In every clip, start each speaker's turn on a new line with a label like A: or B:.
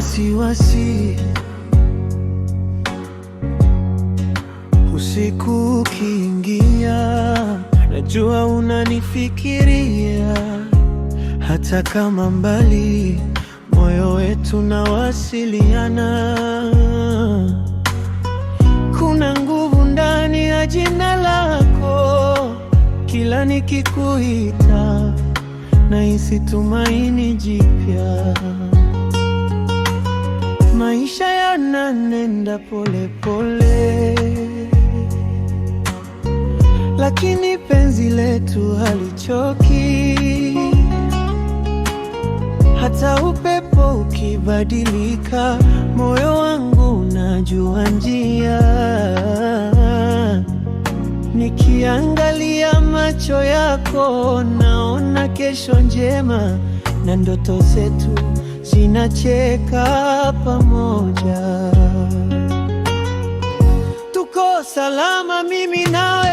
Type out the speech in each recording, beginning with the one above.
A: wasiwasi, usiku ukiingia, najua unanifikiria, hata kama mbali, moyo wetu na wasiliana. Kuna nguvu ndani ya jina lako, kila nikikuita, nahisi tumaini jipya maisha yananenda polepole, lakini penzi letu halichoki, hata upepo ukibadilika, moyo wangu najua njia. Nikiangalia macho yako, naona kesho njema na ndoto zetu zinacheka pamoja, tuko salama, mimi nawe.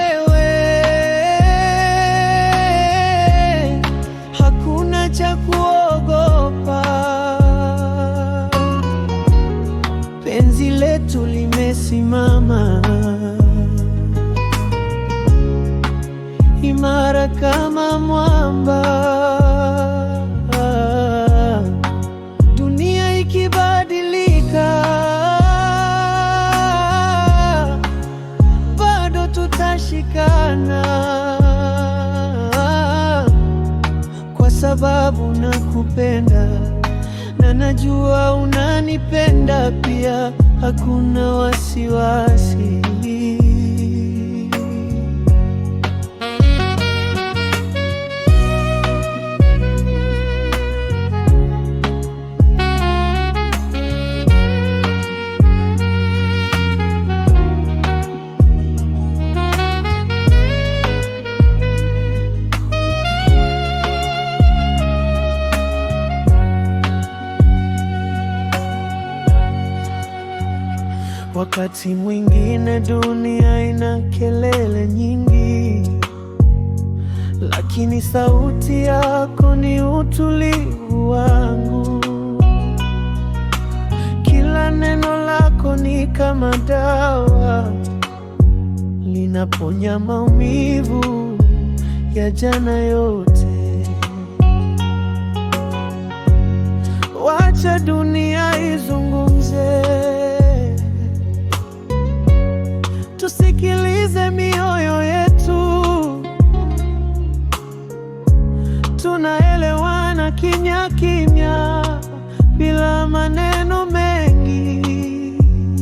A: sana, kwa sababu nakupenda na najua unanipenda pia, hakuna wasiwasi Wakati mwingine dunia ina kelele nyingi, lakini sauti yako ni utulivu wangu. Kila neno lako ni kama dawa, linaponya maumivu ya jana yote. Wacha dunia izu tusikilize mioyo yetu, tunaelewana kimya kimya bila maneno.